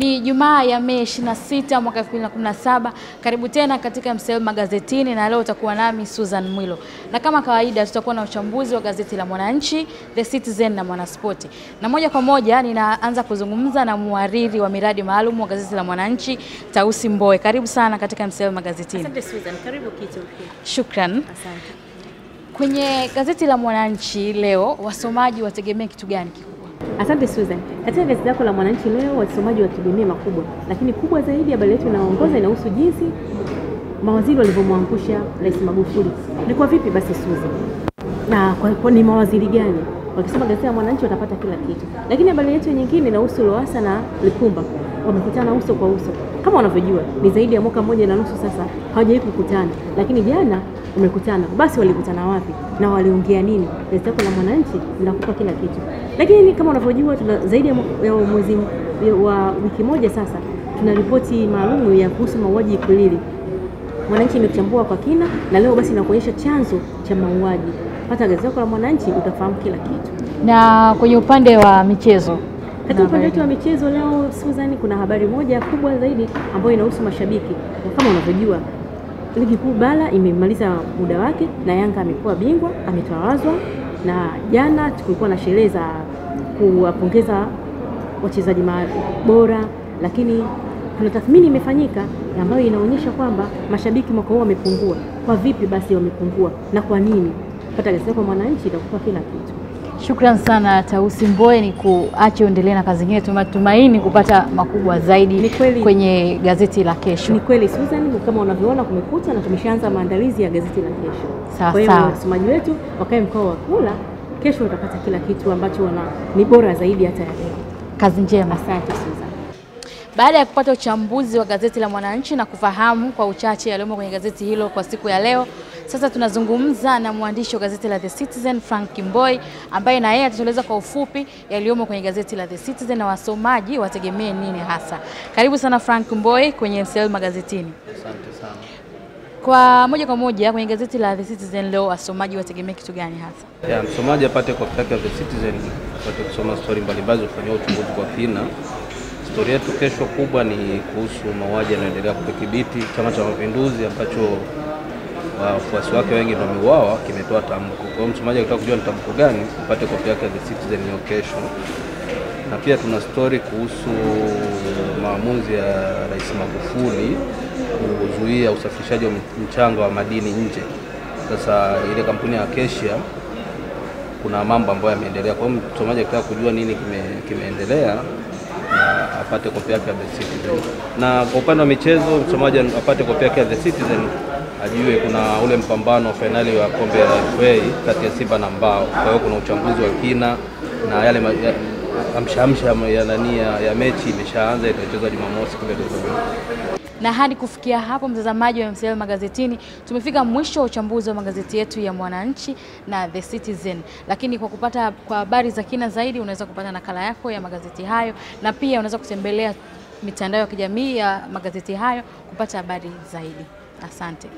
Ni Ijumaa ya Mei 26 mwaka 2017. Karibu tena katika MCL Magazetini na leo utakuwa nami Susan Mwilo, na kama kawaida tutakuwa na uchambuzi wa gazeti la Mwananchi, The Citizen na Mwanaspoti, na moja kwa moja ninaanza kuzungumza na muhariri wa miradi maalum wa gazeti la Mwananchi, Tausi Mboe. Karibu sana katika MCL Magazetini. Asante Susan, karibu kitu. Shukran. Asante. Kwenye gazeti la Mwananchi leo wasomaji wategemea kitu gani kikubwa? Asante Susan. Katika gazeti lako la Mwananchi leo, wasomaji wategemee makubwa, lakini kubwa zaidi, habari yetu inaongoza inahusu jinsi mawaziri walivyomwangusha Rais Magufuli. Ni kwa vipi basi Susan, na kwa, kwa ni mawaziri gani? Wakisoma gazeti la Mwananchi watapata kila kitu, lakini habari yetu nyingine inahusu Lowassa na Lipumba wamekutana uso kwa uso. Kama wanavyojua ni zaidi ya mwaka mmoja na nusu sasa hawajawahi kukutana, lakini jana wamekutana. Basi walikutana wapi na waliongea nini? Gazeti lako la Mwananchi linakupa kila kitu. Lakini kama unavyojua tuna zaidi ya mwezi wa wiki moja sasa tuna ripoti maalum ya kuhusu mauaji Ikwiriri. Mwananchi imechambua kwa kina na leo basi nakuonyesha chanzo cha mauaji. Pata gazeti lako la Mwananchi utafahamu kila kitu. Na kwenye upande wa michezo, katika upande wetu wa michezo leo, Susan, kuna habari moja kubwa zaidi ambayo inahusu mashabiki. Kama unavyojua ligi kuu bara imemaliza muda wake na Yanga amekuwa bingwa, ametawazwa na jana tulikuwa na sherehe za kuwapongeza wachezaji bora, lakini kuna tathmini imefanyika ambayo inaonyesha kwamba mashabiki mwaka huu wamepungua. Kwa vipi basi wamepungua na kwa nini? Pata gazeti kwa Mwananchi itakupa kila kitu. Shukran sana Tausi Mboe, ni kuache uendelee na kazi nyingine, tunatumaini kupata makubwa zaidi kwenye gazeti la kesho. Ni kweli Susan, kama unavyoona kumekucha na tumeshaanza maandalizi ya gazeti la kesho. Sawa sawa. Kwa hiyo wasomaji wetu wakae mkoa wa kula, kesho utapata kila kitu ambacho wana ni bora zaidi hata ya leo. Kazi njema. Asante Susan. Baada ya kupata uchambuzi wa gazeti la Mwananchi na kufahamu kwa uchache yaliyomo kwenye gazeti hilo kwa siku ya leo, sasa tunazungumza na mwandishi wa gazeti la The Citizen Frank Kimboi ambaye na yeye atatueleza kwa ufupi yaliyomo kwenye gazeti la The Citizen na wasomaji wategemee nini hasa. Karibu sana Frank Kimboi kwenye MCL magazetini. Asante sana. Kwa moja kwa moja kwenye gazeti la The Citizen leo, wasomaji wategemee kitu gani hasa? Ya, msomaji apate kopi yake ya The Citizen apate kusoma stori mbalimbali zilizofanywa uchunguzi kwa kina historia yetu kesho kubwa ni kuhusu mauaji yanayoendelea kudhibiti. Chama cha Mapinduzi ambacho wafuasi wake wengi ndio wameuawa kimetoa tamko. Kwa hiyo msomaji akitaka kujua ni tamko gani, upate kopi yake ya The Citizen hiyo kesho. Na pia tuna stori kuhusu maamuzi ya Rais Magufuli kuzuia usafirishaji wa mchanga wa madini nje. Sasa ile kampuni ya Acacia kuna mambo ambayo yameendelea. Kwa hiyo msomaji akitaka kujua nini kimeendelea kime apate kopi yake ya The Citizen, na kwa upande wa michezo msomaji apate kopi yake ya The Citizen ajue kuna ule mpambano wa fainali wa kombe la FA kati ya Simba na Mbao. Kwa hiyo kuna uchambuzi wa kina na yale amshaamsha ya nani ya mechi imeshaanza, itachezwa Jumamosi kule Dodoma. Na hadi kufikia hapo, mtazamaji wa MCL magazetini, tumefika mwisho wa uchambuzi wa magazeti yetu ya Mwananchi na The Citizen. Lakini kwa kupata kwa habari za kina zaidi, unaweza kupata nakala yako ya magazeti hayo, na pia unaweza kutembelea mitandao ya kijamii ya magazeti hayo kupata habari zaidi. Asante.